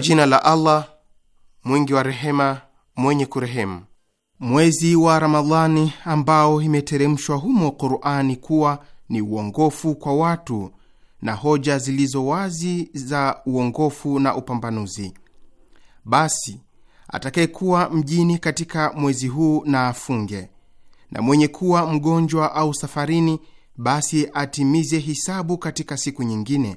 jina la Allah mwingi wa rehema, mwenye kurehemu. Mwezi wa Ramadhani ambao imeteremshwa humo Qur'ani kuwa ni uongofu kwa watu na hoja zilizo wazi za uongofu na upambanuzi. Basi atakayekuwa mjini katika mwezi huu na afunge, na mwenye kuwa mgonjwa au safarini, basi atimize hisabu katika siku nyingine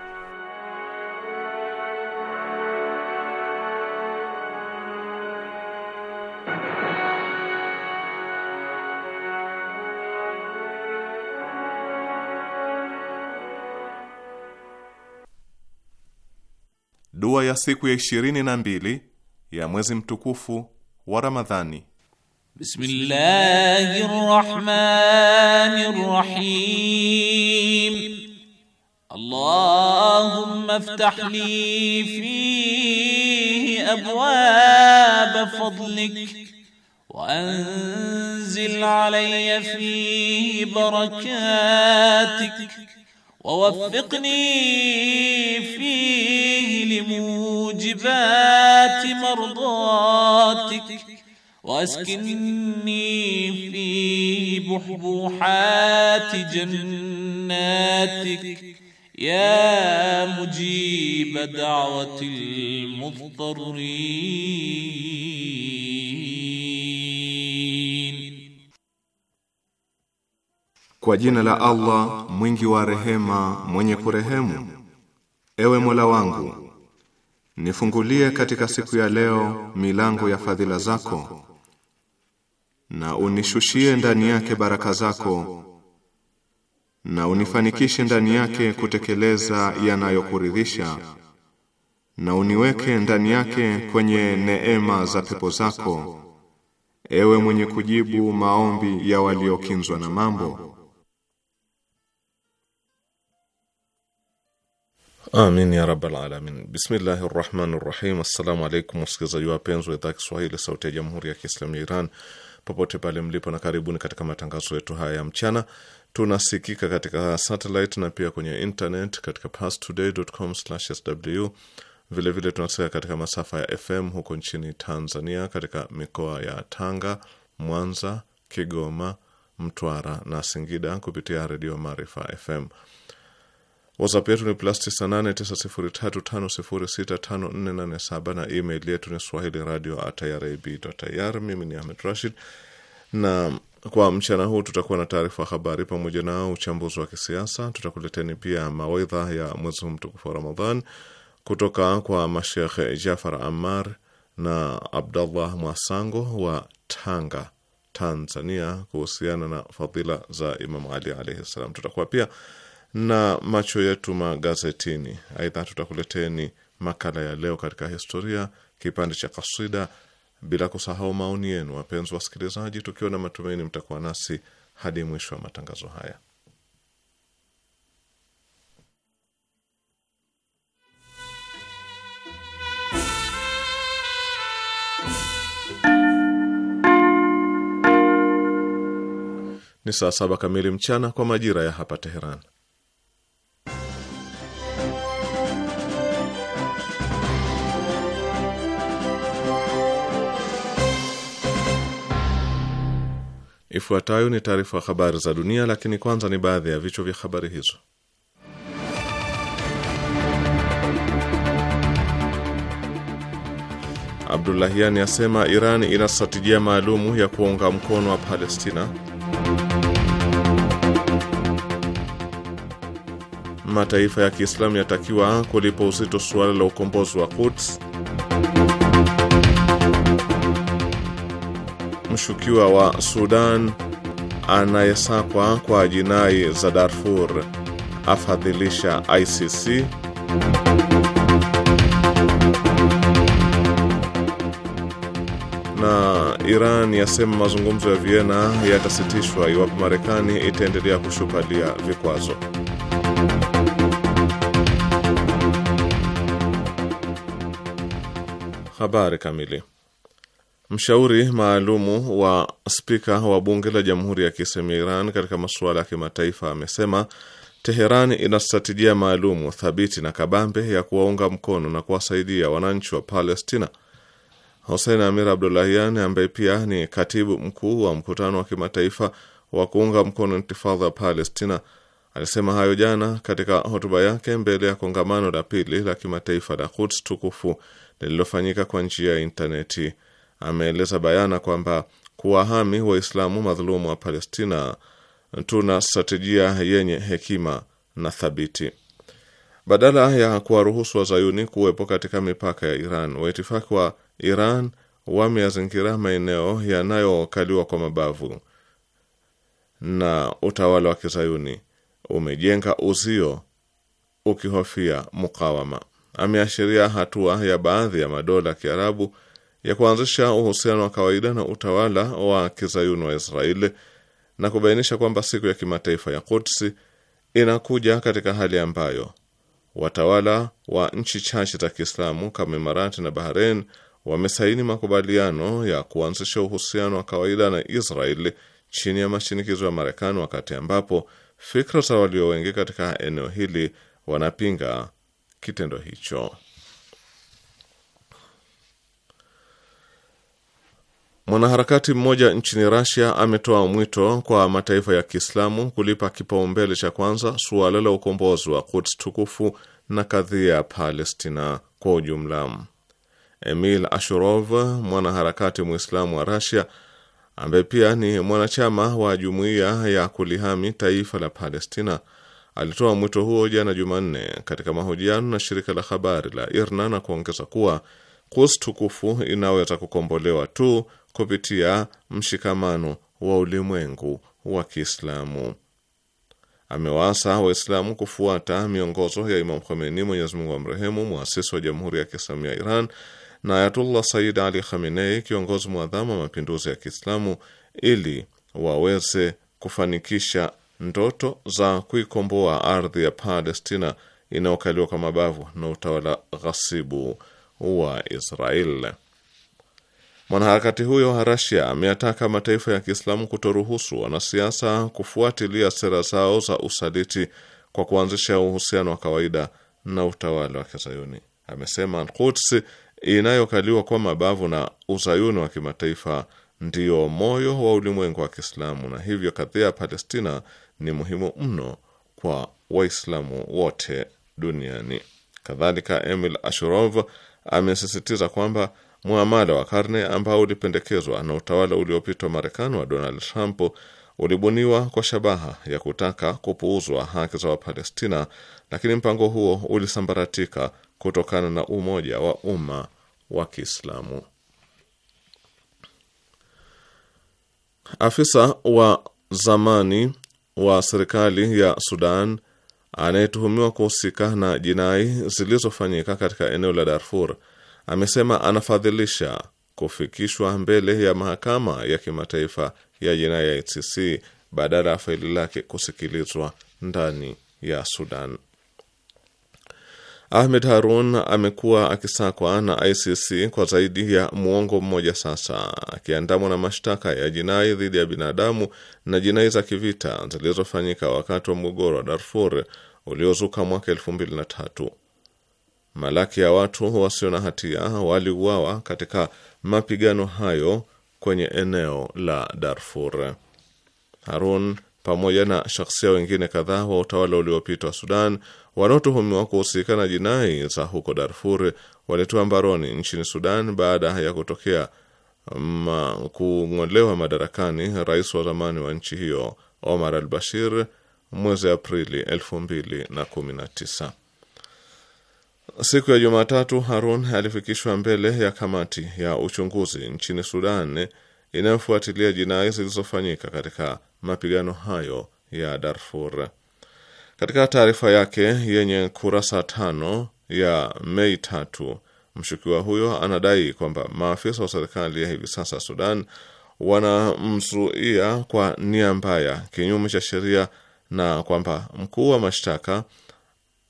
Dua ya siku ya ishirini na mbili ya mwezi mtukufu wa Ramadhani. Bismillahirrahmanirrahim. Allahumma iftah li fihi abwab fadlik wa anzil alayya fihi barakatik ووفقني فيه لموجبات مرضاتك واسكنني فيه بحبوحات جناتك يا مجيب دعوة المضطرين Kwa jina la Allah mwingi wa rehema, mwenye kurehemu. Ewe Mola wangu, nifungulie katika siku ya leo milango ya fadhila zako na unishushie ndani yake baraka zako na unifanikishe ndani yake kutekeleza yanayokuridhisha na uniweke ndani yake kwenye neema za pepo zako, ewe mwenye kujibu maombi ya waliokinzwa na mambo. Amin ya rabbal alamin. Bismillahi rahmani rahim. Assalamu alaikum wasikilizaji wapenzi wa idhaa Kiswahili sauti ya jamhuri ya Kiislamu ya Iran popote pale mlipo, na karibuni katika matangazo yetu haya ya mchana. Tunasikika katika satellite na pia kwenye internet katika pastodaycom sw Vilevile tunasikika katika masafa ya FM huko nchini Tanzania, katika mikoa ya Tanga, Mwanza, Kigoma, Mtwara na Singida kupitia redio Maarifa FM. WhatsApp yetu ni plus 989035065487 na email yetu ni swahili radio atirib.ir. Mimi ni Ahmed Rashid, na kwa mchana huu tutakuwa na taarifa habari pamoja na uchambuzi wa kisiasa. Tutakuleteni pia mawaidha ya mwezi mtukufu wa Ramadhan kutoka kwa mashekhe Jafar Ammar na Abdallah Mwasango wa Tanga, Tanzania, kuhusiana na fadhila za Imamu Ali alaihi ssalam. Tutakuwa pia na macho yetu magazetini. Aidha, tutakuleteni makala ya leo katika historia, kipande cha kasida, bila kusahau maoni yenu, wapenzi wasikilizaji, tukiwa na matumaini mtakuwa nasi hadi mwisho wa matangazo haya. Ni saa saba kamili mchana kwa majira ya hapa Teheran. Ifuatayo ni taarifa ya habari za dunia, lakini kwanza ni baadhi ya vichwa vya habari hizo. Abdullahiani asema Iran ina stratejia maalumu ya kuunga mkono wa Palestina. Mataifa ya Kiislamu yatakiwa kulipa uzito suala la ukombozi wa Quds. mshukiwa wa Sudan anayesakwa kwa jinai za Darfur afadhilisha ICC. Na Iran yasema mazungumzo ya Vienna yatasitishwa iwapo Marekani itaendelea kushupalia vikwazo. Habari kamili Mshauri maalumu wa spika wa bunge la Jamhuri ya Kiislamu Iran katika masuala ya kimataifa amesema Teheran ina stratejia maalumu thabiti na kabambe ya kuwaunga mkono na kuwasaidia wananchi wa Palestina. Hossein Amir Abdollahian ambaye pia ni katibu mkuu wa mkutano wa kimataifa wa kuunga mkono intifadha ya Palestina alisema hayo jana katika hotuba yake mbele ya kongamano la pili la kimataifa la Quds tukufu lililofanyika kwa njia ya intaneti ameeleza bayana kwamba kuwahami Waislamu madhulumu wa Palestina tuna stratejia yenye hekima na thabiti. Badala ya kuwaruhusu wazayuni kuwepo katika mipaka ya Iran, waitifaki wa Iran wameyazingira maeneo yanayokaliwa kwa mabavu na utawala wa kizayuni umejenga uzio ukihofia mukawama. Ameashiria hatua ya baadhi ya madola ya Kiarabu ya kuanzisha uhusiano wa kawaida na utawala wa kizayuni wa Israeli na kubainisha kwamba siku ya kimataifa ya Kudsi inakuja katika hali ambayo watawala wa nchi chache za Kiislamu kama Imarati na Bahrain wamesaini makubaliano ya kuanzisha uhusiano wa kawaida na Israeli chini ya mashinikizo ya Marekani, wakati ambapo fikra za walio wengi katika eneo hili wanapinga kitendo hicho. Mwanaharakati mmoja nchini Rasia ametoa mwito kwa mataifa ya Kiislamu kulipa kipaumbele cha kwanza suala la ukombozi wa kuts tukufu na kadhia ya Palestina kwa ujumla. Emil Ashurov, mwanaharakati Mwislamu wa Rasia ambaye pia ni mwanachama wa jumuiya ya kulihami taifa la Palestina, alitoa mwito huo jana Jumanne katika mahojiano na shirika la habari la IRNA na kuongeza kuwa Quds tukufu inaweza kukombolewa tu kupitia mshikamano wa ulimwengu wa Kiislamu. Amewaasa Waislamu kufuata miongozo ya Imam Khomeini, Mwenyezi Mungu amrehemu, muasisi wa Jamhuri ya Kiislamu ya Iran na Ayatullah Sayyid Ali Khamenei, kiongozi mwadhamu wa mapinduzi ya Kiislamu, ili waweze kufanikisha ndoto za kuikomboa ardhi ya Palestina inayokaliwa kwa mabavu na utawala ghasibu wa Israel. Mwanaharakati huyo Rasia ameyataka mataifa ya Kiislamu kutoruhusu wanasiasa kufuatilia sera zao za usaliti kwa kuanzisha uhusiano wa kawaida na utawala wa Kizayuni. Amesema Quds inayokaliwa kwa mabavu na uzayuni wa kimataifa ndiyo moyo wa ulimwengu wa Kiislamu, na hivyo kadhia ya Palestina ni muhimu mno kwa Waislamu wote duniani. Kadhalika, Emil Ashurov amesisitiza kwamba Muamala wa karne ambao ulipendekezwa na utawala uliopita wa Marekani wa Donald Trump ulibuniwa kwa shabaha ya kutaka kupuuzwa haki za Wapalestina, lakini mpango huo ulisambaratika kutokana na umoja wa umma wa Kiislamu. Afisa wa zamani wa serikali ya Sudan anayetuhumiwa kuhusika na jinai zilizofanyika katika eneo la Darfur amesema anafadhilisha kufikishwa mbele ya mahakama ya kimataifa ya jinai ya ICC badala ya faili lake kusikilizwa ndani ya Sudan. Ahmed Harun amekuwa akisakwa na ICC kwa zaidi ya muongo mmoja sasa, akiandamwa na mashtaka ya jinai dhidi ya binadamu na jinai za kivita zilizofanyika wakati wa mgogoro wa Darfur uliozuka mwaka elfu mbili na tatu. Malaki ya watu wasio na hatia waliuawa katika mapigano hayo kwenye eneo la Darfur. Harun pamoja na shakhsia wengine kadhaa wa utawala uliopita wa Sudan wanaotuhumiwa kuhusika na jinai za huko Darfur walitoa mbaroni nchini Sudan baada ya kutokea ma, kung'olewa madarakani rais wa zamani wa nchi hiyo Omar al-Bashir mwezi Aprili 219 Siku ya Jumatatu, Harun alifikishwa mbele ya kamati ya uchunguzi nchini Sudan inayofuatilia jinai zilizofanyika katika mapigano hayo ya Darfur. Katika taarifa yake yenye kurasa tano ya Mei tatu, mshukiwa huyo anadai kwamba maafisa wa serikali ya hivi sasa Sudan wanamzuia kwa nia mbaya, kinyume cha sheria, na kwamba mkuu wa mashtaka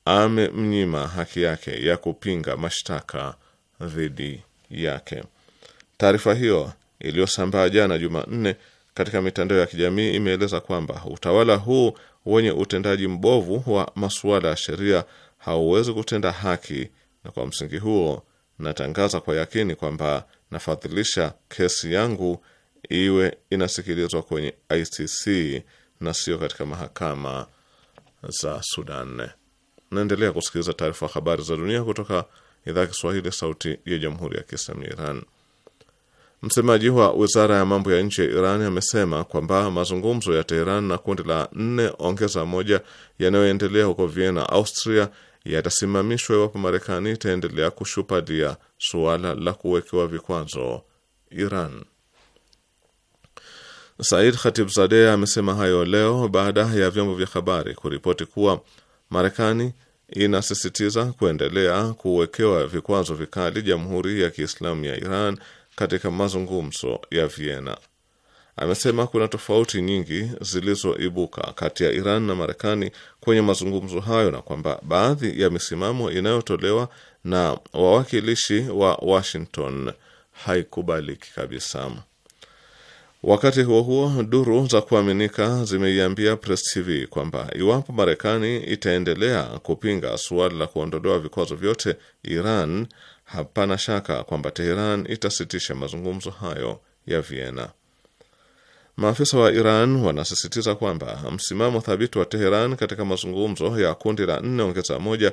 amemnyima haki yake ya kupinga mashtaka dhidi yake. Taarifa hiyo iliyosambaa jana Jumanne katika mitandao ya kijamii imeeleza kwamba utawala huu wenye utendaji mbovu wa masuala ya sheria hauwezi kutenda haki, na kwa msingi huo natangaza kwa yakini kwamba nafadhilisha kesi yangu iwe inasikilizwa kwenye ICC na sio katika mahakama za Sudan. Naendelea kusikiliza taarifa habari za dunia kutoka idhaa Kiswahili, sauti ya jamhuri ya kiislamu ya Iran. Msemaji wa wizara ya mambo ya nje ya Iran amesema kwamba mazungumzo ya Teheran na kundi la nne ongeza moja yanayoendelea huko Vienna, Austria yatasimamishwa iwapo Marekani itaendelea kushupalia suala la kuwekewa vikwazo Iran. Said Khatibzadeh amesema hayo leo baada ya vyombo vya habari kuripoti kuwa Marekani inasisitiza kuendelea kuwekewa vikwazo vikali Jamhuri ya Kiislamu ya Iran katika mazungumzo ya Vienna. Amesema kuna tofauti nyingi zilizoibuka kati ya Iran na Marekani kwenye mazungumzo hayo na kwamba baadhi ya misimamo inayotolewa na wawakilishi wa Washington haikubaliki kabisa. Wakati huo huo, duru za kuaminika zimeiambia Press TV kwamba iwapo Marekani itaendelea kupinga suala la kuondolewa vikwazo vyote Iran, hapana shaka kwamba Teheran itasitisha mazungumzo hayo ya Vienna. Maafisa wa Iran wanasisitiza kwamba msimamo thabiti wa Teheran katika mazungumzo ya kundi la nne ongeza moja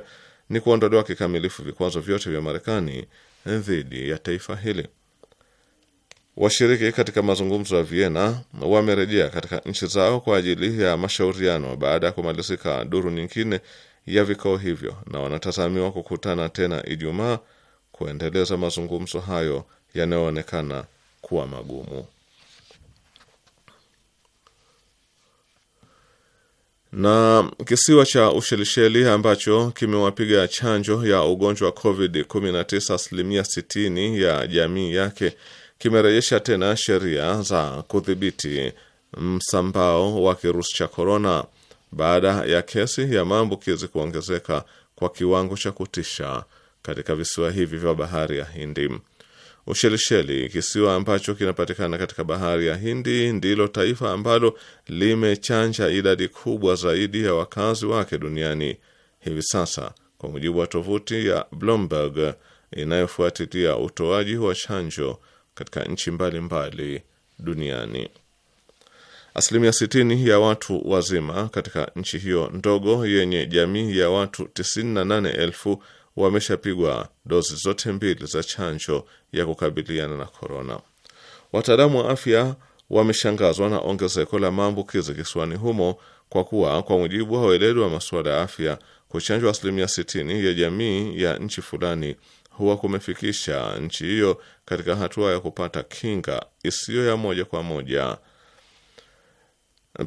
ni kuondolewa kikamilifu vikwazo vyote vya Marekani dhidi ya taifa hili. Washiriki katika mazungumzo ya Vienna wamerejea katika nchi zao kwa ajili ya mashauriano baada ya kumalizika duru nyingine ya vikao hivyo, na wanatazamiwa kukutana tena Ijumaa kuendeleza mazungumzo hayo yanayoonekana kuwa magumu. Na kisiwa cha Ushelisheli ambacho kimewapiga chanjo ya ugonjwa wa COVID-19 asilimia 60 ya jamii yake kimerejesha tena sheria za kudhibiti msambao wa kirusi cha korona baada ya kesi ya maambukizi kuongezeka kwa kiwango cha kutisha katika visiwa hivi vya bahari ya Hindi. Ushelisheli, kisiwa ambacho kinapatikana katika bahari ya Hindi, ndilo taifa ambalo limechanja idadi kubwa zaidi ya wakazi wake duniani hivi sasa, kwa mujibu wa tovuti ya Bloomberg inayofuatilia utoaji wa chanjo katika nchi mbalimbali duniani. Asilimia 60 ya watu wazima katika nchi hiyo ndogo yenye jamii ya watu 98,000 wameshapigwa dozi zote mbili za chanjo ya kukabiliana na korona. Wataalamu wa afya wameshangazwa na ongezeko la maambukizi kisiwani humo kwa kuwa kwa mujibu wa weledi wa masuala ya afya, kuchanjwa asilimia 60 ya jamii ya nchi fulani huwa kumefikisha nchi hiyo katika hatua ya kupata kinga isiyo ya moja kwa moja.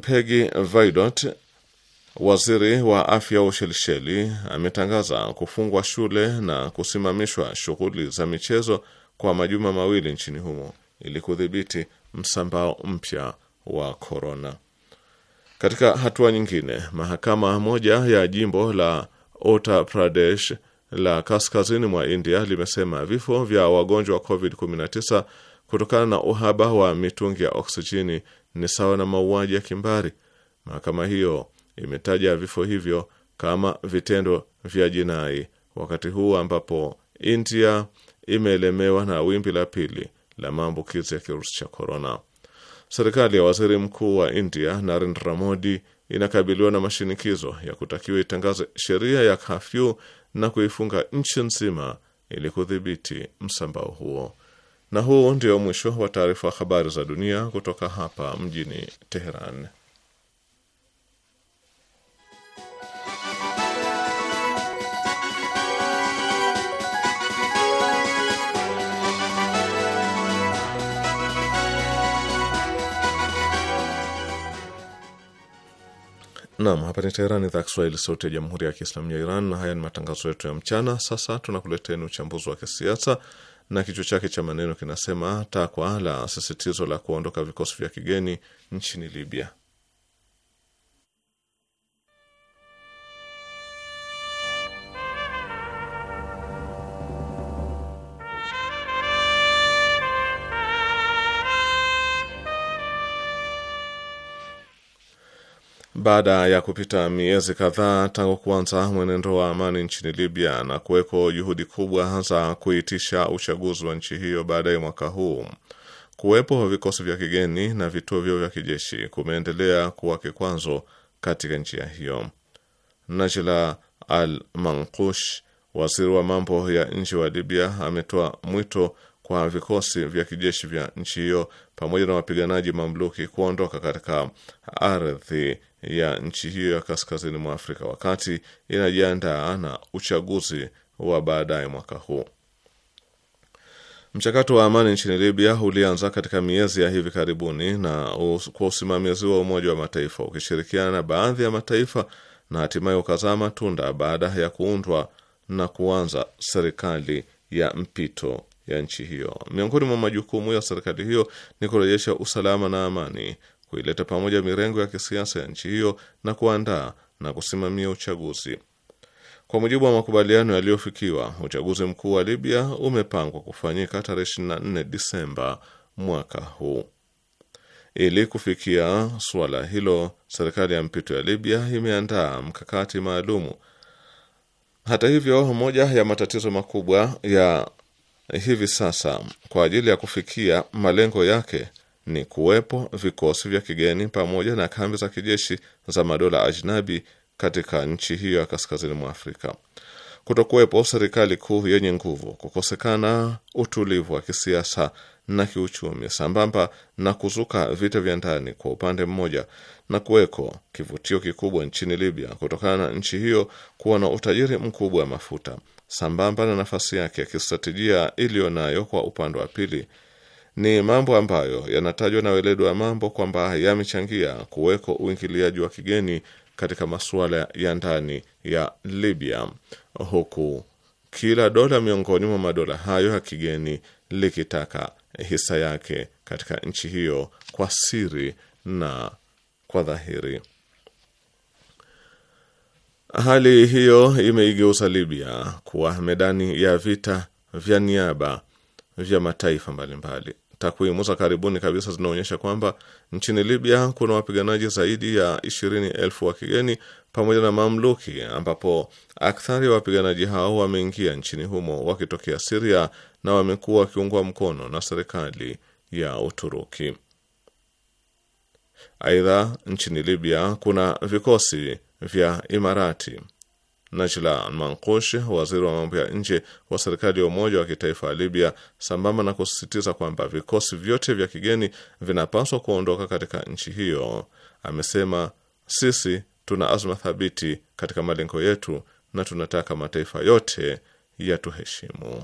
Peggy Vidot, waziri wa afya wa Ushelisheli, ametangaza kufungwa shule na kusimamishwa shughuli za michezo kwa majuma mawili nchini humo ili kudhibiti msambao mpya wa korona. Katika hatua nyingine, mahakama moja ya jimbo la Uttar Pradesh la kaskazini mwa India limesema vifo vya wagonjwa wa COVID-19 kutokana na uhaba wa mitungi ya oksijeni ni sawa na mauaji ya kimbari. Mahakama hiyo imetaja vifo hivyo kama vitendo vya jinai, wakati huu ambapo India imeelemewa na wimbi la pili la maambukizi ya kirusi cha korona. Serikali ya waziri mkuu wa India Narendra Modi inakabiliwa na mashinikizo ya kutakiwa itangaze sheria ya kafyu na kuifunga nchi nzima ili kudhibiti msambao huo. Na huu ndio mwisho wa taarifa habari za dunia kutoka hapa mjini Teheran. Naam, hapa ni Teherani, idhaa Kiswahili, sauti ya jamhuri ya kiislamu ya Iran, na haya ni matangazo yetu ya mchana. Sasa tunakuleteni uchambuzi wa kisiasa na kichwa chake cha maneno kinasema takwa la sisitizo la kuondoka vikosi vya kigeni nchini Libya. Baada ya kupita miezi kadhaa tangu kuanza mwenendo wa amani nchini Libya na kuweko juhudi kubwa za kuitisha uchaguzi wa nchi hiyo baadaye mwaka huu, kuwepo vikosi vya kigeni na vituo vyao vya kijeshi kumeendelea kuwa kikwazo katika njia hiyo. Najla al Mankush, waziri wa mambo ya nje wa Libya, ametoa mwito kwa vikosi vya kijeshi vya nchi hiyo pamoja na wapiganaji mamluki kuondoka katika ardhi ya nchi hiyo ya kaskazini mwa Afrika wakati inajiandaa na uchaguzi wa baadaye mwaka huu. Mchakato wa amani nchini Libya ulianza katika miezi ya hivi karibuni na kwa usimamizi wa Umoja wa Mataifa ukishirikiana na baadhi ya mataifa na hatimaye ukazaa matunda baada ya kuundwa na kuanza serikali ya mpito ya nchi hiyo. Miongoni mwa majukumu ya serikali hiyo ni kurejesha usalama na amani kuileta pamoja mirengo ya kisiasa ya nchi hiyo na kuandaa na kusimamia uchaguzi. Kwa mujibu wa makubaliano yaliyofikiwa, uchaguzi mkuu wa Libya umepangwa kufanyika tarehe 24 Disemba mwaka huu. Ili kufikia suala hilo, serikali ya mpito ya Libya imeandaa mkakati maalumu. Hata hivyo, moja ya matatizo makubwa ya hivi sasa kwa ajili ya kufikia malengo yake ni kuwepo vikosi vya kigeni pamoja na kambi za kijeshi za madola ajnabi katika nchi hiyo ya kaskazini mwa Afrika, kutokuwepo serikali kuu yenye nguvu, kukosekana utulivu wa kisiasa na kiuchumi, sambamba na kuzuka vita vya ndani kwa upande mmoja, na kuweko kivutio kikubwa nchini Libya kutokana na nchi hiyo kuwa na utajiri mkubwa wa mafuta, sambamba na nafasi yake ya kistratejia iliyo nayo kwa upande wa pili ni mambo ambayo yanatajwa na weledi wa mambo kwamba yamechangia kuweko uingiliaji wa kigeni katika masuala ya ndani ya Libya, huku kila dola miongoni mwa madola hayo ya kigeni likitaka hisa yake katika nchi hiyo kwa siri na kwa dhahiri. Hali hiyo imeigeuza Libya kuwa medani ya vita vya niaba vya mataifa mbalimbali. Takwimu za karibuni kabisa zinaonyesha kwamba nchini Libya kuna wapiganaji zaidi ya ishirini elfu wa kigeni pamoja na mamluki, ambapo akthari ya wapiganaji hao wameingia nchini humo wakitokea Siria na wamekuwa wakiungwa mkono na serikali ya Uturuki. Aidha, nchini Libya kuna vikosi vya Imarati Najla Mankush, waziri wa mambo ya nje wa serikali ya umoja wa kitaifa ya Libya, sambamba na kusisitiza kwamba vikosi vyote vya kigeni vinapaswa kuondoka katika nchi hiyo, amesema sisi tuna azma thabiti katika malengo yetu na tunataka mataifa yote yatuheshimu.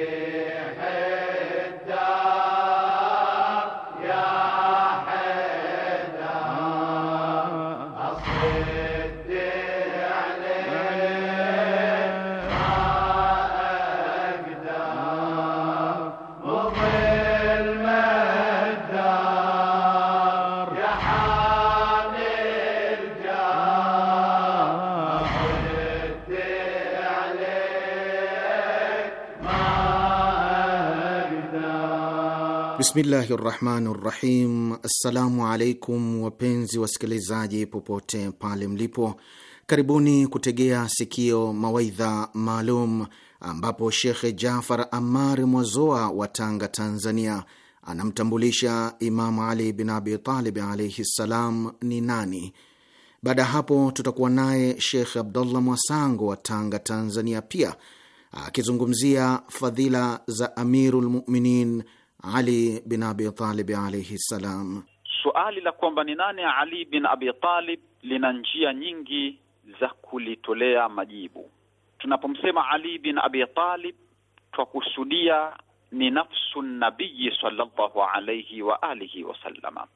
Bismillahi rahmani rahim. Assalamu alaikum wapenzi wasikilizaji popote pale mlipo, karibuni kutegea sikio mawaidha maalum ambapo Shekhe Jafar Amari Mwazoa wa Tanga, Tanzania, anamtambulisha Imamu Ali bin Abi Talib alaihi ssalam ni nani. Baada ya hapo, tutakuwa naye Shekh Abdullah Mwasango wa Tanga, Tanzania, pia akizungumzia fadhila za Amirulmuminin Muminin ali bin Abi Talib alaihi ssalam. Suali la kwamba ni nani Ali bin Abi Talib lina njia nyingi za kulitolea majibu. Tunapomsema Ali bin Abi Talib twakusudia ni nafsu nabiyi sallallahu alaihi wa alihi wasallama.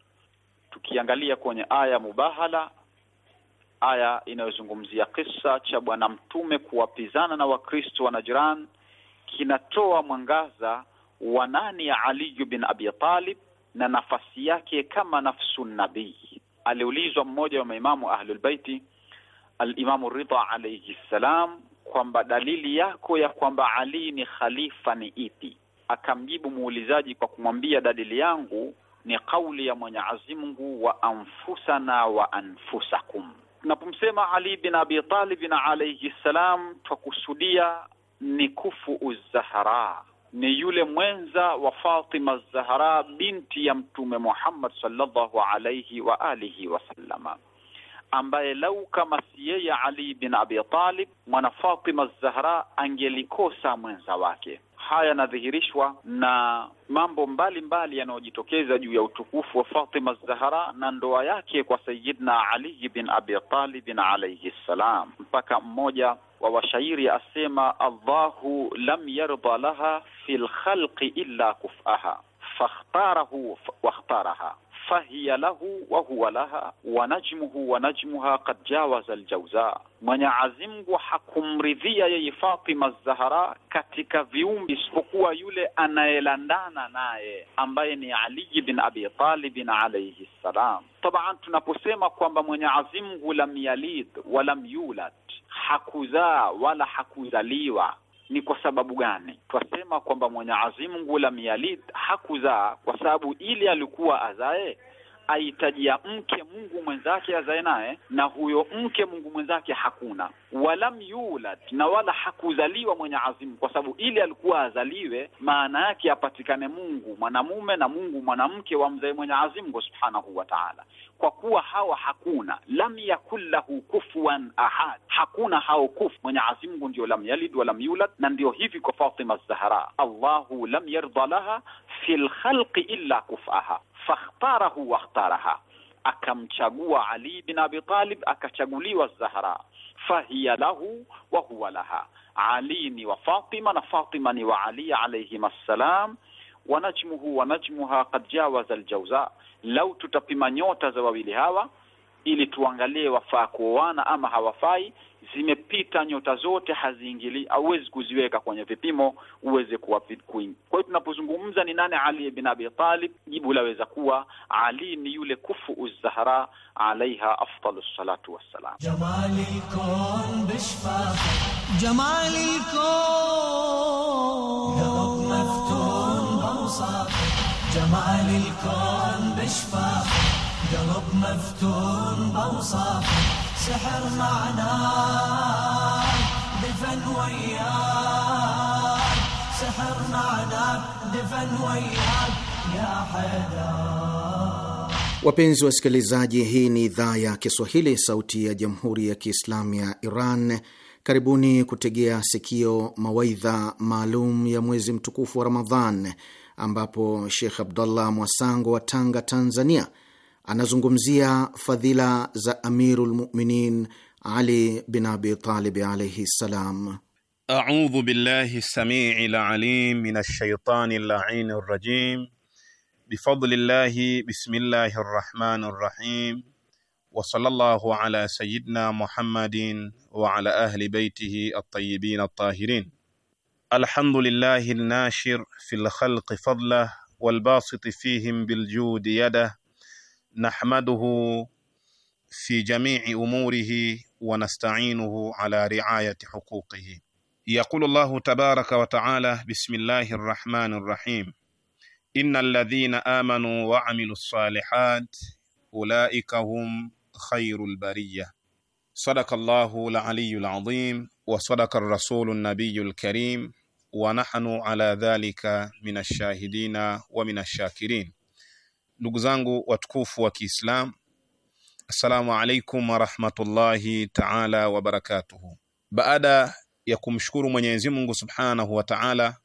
Tukiangalia kwenye aya mubahala, aya inayozungumzia kisa cha Bwana Mtume kuwapizana na Wakristo wa Najran, kinatoa mwangaza wa nani ya Ali bin Abi Talib na nafasi yake kama nafsu nabii. Aliulizwa mmoja wa maimamu Ahlulbaiti, Alimamu Ridha alayhi ssalam, kwamba dalili yako ya kwamba Ali ni khalifa ni ipi? Akamjibu muulizaji kwa kumwambia dalili yangu ni kauli ya Mwenyezi Mungu, wa anfusana wa anfusakum. Tunapomsema Ali bin Abi Talib na alayhi ssalam, twakusudia ni Kufuu Zahra ni yule mwenza wa Fatima Zahra binti ya Mtume Muhammad sallallahu alayhi wa alihi wasallama, ambaye lau kama si yeye Ali bin Abi Talib, mwana Fatima Zahra angelikosa mwenza wake haya yanadhihirishwa na mambo mbalimbali yanayojitokeza juu ya utukufu wa Fatima zahara na ndoa yake kwa sayidna Ali bin Abi Talib alayhi ssalam mpaka mmoja wa washairi asema, Allahu lam yarda laha fi khalqi illa kufaha fakhtarahu wakhtaraha fahiya lahu wa huwa laha wa najmuhu wa najmuha qad jawaza aljawza, Mwenyezi Mungu hakumridhia yeye Fatima Zahara katika viumbe isipokuwa yule anayelandana naye ambaye ni Ali bin Abi Talib alayhi salam. Taban, tunaposema kwamba Mwenyezi Mungu lam yalid wa lam yulad, hakuzaa wala hakuzaliwa ni kwa sababu gani? Twasema kwamba Mwenyezi Mungu lam yalid, hakuzaa kwa sababu ili alikuwa azae aitajia mke Mungu mwenzake azae naye, na huyo mke Mungu mwenzake hakuna, walam yulad, na wala hakuzaliwa mwenye azimu, kwa sababu ili alikuwa azaliwe, maana yake apatikane Mungu mwanamume na Mungu mwanamke wamzae mwenye azimu subhanahu wa ta'ala. Kwa kuwa hawa hakuna, lam yakun lahu kufuwan ahad, hakuna hao kufu. Mwenye azimu ndio lam yalid walam yulad, na ndio hivi kwa Fatima Zahra, Allahu lam yarda laha fil khalqi illa kufaha fakhtarahu wakhtaraha, akamchagua Ali bin Abi Talib, akachaguliwa Zahra. Fahiya lahu wa huwa laha, Ali ni wa Fatima na Fatima ni wa Ali alayhim assalam. Wa najmuhu wa najmuha qad jawaza aljawza, lau tutapima nyota za wawili hawa ili tuangalie wafaa kuoana ama hawafai zimepita nyota zote, haziingili, hauwezi kuziweka kwenye vipimo uweze kuwa queen. Kwa hiyo tunapozungumza ni nani Ali bin Abi Talib, jibu laweza kuwa Ali ni yule kufu uzzahra alaiha afdalu salatu wassalam. السحر معنا دفن وياك سحر معنا دفن وياك يا حدا Wapenzi wasikilizaji, hii ni idhaa ya Kiswahili, sauti ya jamhuri ya kiislamu ya Iran. Karibuni kutegea sikio mawaidha maalum ya mwezi mtukufu wa Ramadhan, ambapo Shekh Abdullah Mwasango wa Tanga, Tanzania anazungumzia fadhila za Amirul Muminin Ali bin Abi Talib alaihi ssalam. Audhu billahi lsamii lalim min alshaitani llain rajim bifadli llahi bismillahi rrahmani rrahim wa sallallahu ala sayidina Muhammadin wa ala ahli baitihi altayibin altahirin alhamdulillahi lnashir fi lkhalqi fadlah walbasiti fihim biljudi yadah نحمده في جميع اموره ونستعينه على رعايه حقوقه يقول الله تبارك وتعالى بسم الله الرحمن الرحيم ان الذين امنوا وعملوا الصالحات اولئك هم خير البريه صدق الله العلي العظيم وصدق الرسول النبي الكريم ونحن على ذلك من الشاهدين ومن الشاكرين Ndugu zangu watukufu wa Kiislam, assalamu alaikum warahmatullahi taala wabarakatuhu. Baada ya kumshukuru Mwenyezi Mungu subhanahu wa taala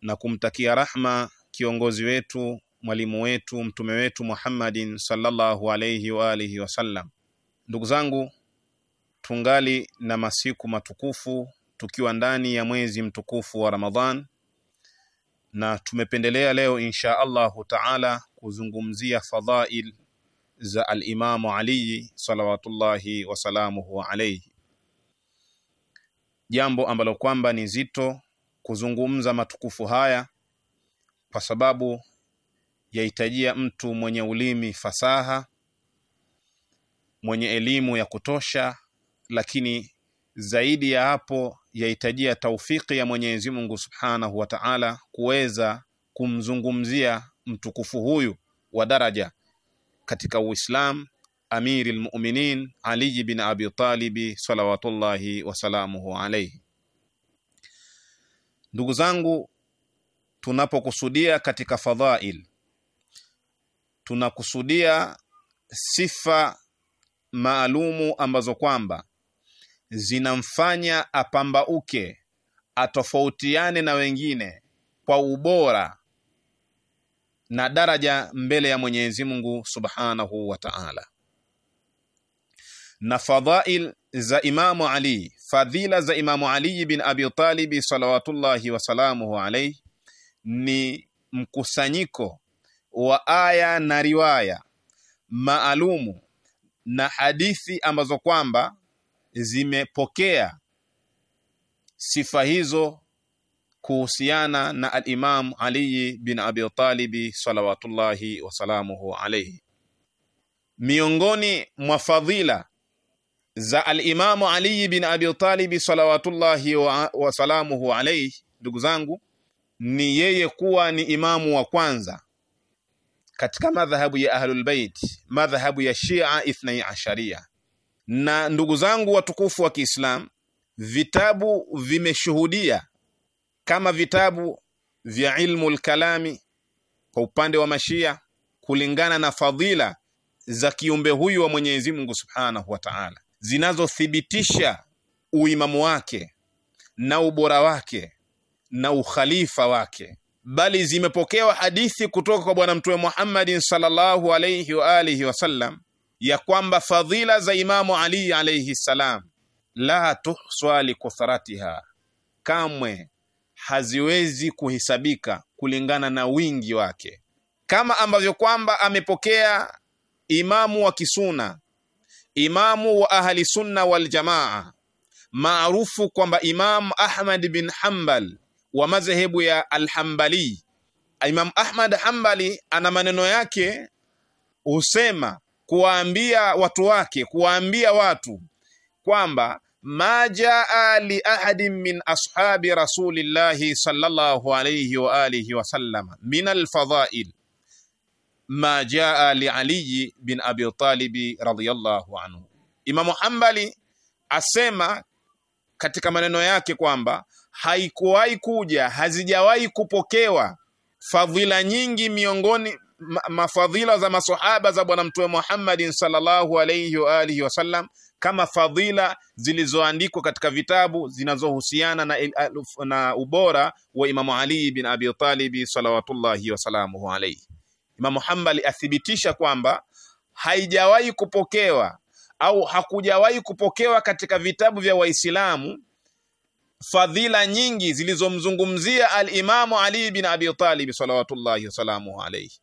na kumtakia rahma kiongozi wetu mwalimu wetu mtume wetu Muhammadin sallallahu alayhi wa alihi wasallam, ndugu zangu, tungali na masiku matukufu tukiwa ndani ya mwezi mtukufu wa Ramadhan na tumependelea leo insha Allahu taala kuzungumzia fadhail za alimamu Ali salawatullahi wasalamuhu alaihi, jambo ambalo kwamba ni zito kuzungumza matukufu haya kwa sababu yahitajia mtu mwenye ulimi fasaha, mwenye elimu ya kutosha, lakini zaidi ya hapo yahitajia taufiki ya Mwenyezi Mungu Subhanahu wa Ta'ala kuweza kumzungumzia mtukufu huyu wa daraja katika Uislamu, Amiri lmuminin Ali bin Abi Talibi salawatullahi wasalamuhu alaihi. Ndugu zangu, tunapokusudia katika fadhail, tunakusudia sifa maalumu ambazo kwamba zinamfanya apambauke, atofautiane na wengine kwa ubora na daraja mbele ya Mwenyezi Mungu Subhanahu wa Ta'ala. Na fadhail za Imamu Ali, fadhila za Imamu Ali bin Abi Talib salawatullahi wasalamuhu alayhi ni mkusanyiko wa aya na riwaya maalumu na hadithi ambazo kwamba zimepokea sifa hizo kuhusiana na al-Imam Ali bin Abi Talib salawatullahi wasalamuhu alayhi. Miongoni mwa fadhila za al-Imam Ali bin Abi Talib salawatullahi wasalamuhu alayhi, ndugu zangu, ni yeye kuwa ni imamu wa kwanza katika madhhabu ya Ahlul Bait, madhhabu ya Shia Ithnai Asharia. Na ndugu zangu watukufu wa Kiislamu, vitabu vimeshuhudia kama vitabu vya ilmu lkalami kwa upande wa Mashia, kulingana na fadhila za kiumbe huyu wa Mwenyezi Mungu Subhanahu wa Ta'ala, zinazothibitisha uimamu wake na ubora wake na ukhalifa wake, bali zimepokewa hadithi kutoka kwa Bwana Mtume Muhammadin sallallahu alayhi wa alihi wasallam ya kwamba fadhila za Imamu Ali alayhi salam la tuhswa likuthratiha, kamwe haziwezi kuhisabika kulingana na wingi wake, kama ambavyo kwamba amepokea imamu wa kisuna, imamu wa ahli sunna wal jamaa, maarufu kwamba Imamu Ahmad bin Hanbal wa madhehebu ya Alhambali. Imamu Ahmad Hanbali ana maneno yake husema kuwaambia watu wake, kuwaambia watu kwamba majaa li ahadin min ashabi rasulillahi sallallahu alayhi wa alihi wa sallama min alfadail ma jaa li Ali bin Abi Talib radhiyallahu anhu. Imamu hambali asema katika maneno yake kwamba haikuwahi kuja, hazijawahi kupokewa fadhila nyingi miongoni mafadhila za masahaba za Bwana Mtume Muhammadin sallallahu alayhi wa alihi wasallam kama fadhila zilizoandikwa katika vitabu zinazohusiana na, na ubora wa Imamu Ali bin Abi Talib salawatullahi wasalamuhu alayhi. Imam Hanbali athibitisha kwamba haijawahi kupokewa au hakujawahi kupokewa katika vitabu vya Waislamu fadhila nyingi zilizomzungumzia al-Imamu Ali bin Abi Talib salawatullahi wasalamuhu alayhi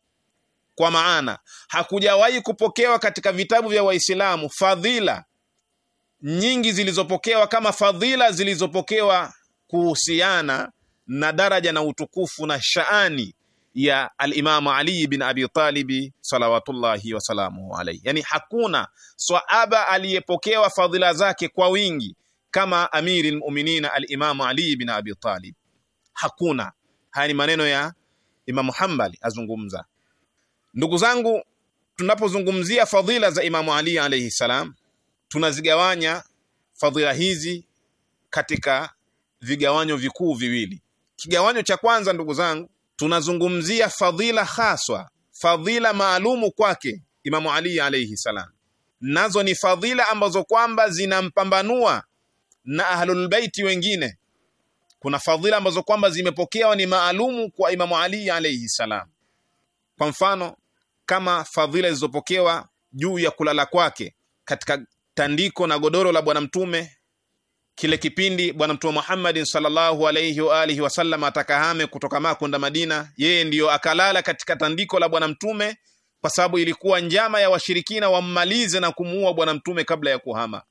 kwa maana hakujawahi kupokewa katika vitabu vya Waislamu fadhila nyingi zilizopokewa kama fadhila zilizopokewa kuhusiana na daraja na utukufu na shaani ya alimamu Ali bin Abi Talibi salawatullahi wasalamuhu alaihi. Yani hakuna swahaba aliyepokewa fadhila zake kwa wingi kama amiri lmuminina alimamu Ali bin Abi Talib. Hakuna. Haya ni maneno ya Imamu Hambali azungumza. Ndugu zangu, tunapozungumzia fadhila za Imamu Ali alaihi salam, tunazigawanya fadhila hizi katika vigawanyo vikuu viwili. Kigawanyo cha kwanza, ndugu zangu, tunazungumzia fadhila haswa, fadhila maalumu kwake Imamu Ali alaihi salam, nazo ni fadhila ambazo kwamba zinampambanua na ahlulbeiti wengine. Kuna fadhila ambazo kwamba zimepokewa ni maalumu kwa Imamu Ali alaihi salam. Kwa mfano kama fadhila zilizopokewa juu ya kulala kwake katika tandiko na godoro la Bwana Mtume kile kipindi Bwana Mtume Muhammad sallallahu alayhi wa alihi wasallam atakahame kutoka Maka kwenda Madina, yeye ndiyo akalala katika tandiko la Bwana Mtume kwa sababu ilikuwa njama ya washirikina wammalize na kumuua Bwana Mtume kabla ya kuhama.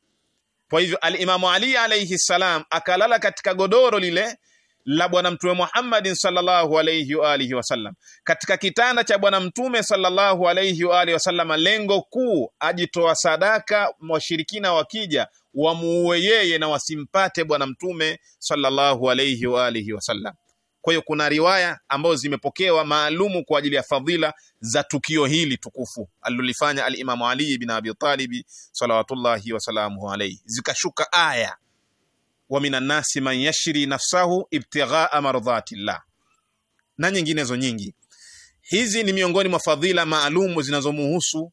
Kwa hivyo, Alimamu Ali alayhi salam akalala katika godoro lile la Bwana Mtume Muhammad sallallahu alayhi wa alihi wasallam, katika kitanda cha Bwana Mtume sallallahu alayhi wa alihi wasallam, lengo kuu ajitoa sadaka, washirikina wakija wamuue yeye na wasimpate Bwana Mtume sallallahu alayhi wa alihi wasallam. Kwa hiyo kuna riwaya ambazo zimepokewa maalumu kwa ajili ya fadhila za tukio hili tukufu alilolifanya alimamu Ali bin Abi Talib salawatullahi wasalamuhu alayhi, zikashuka aya wa minan nasi man yashri nafsahu ibtighaa mardhatillah na nyinginezo nyingi. Hizi ni miongoni mwa fadhila maalumu zinazomuhusu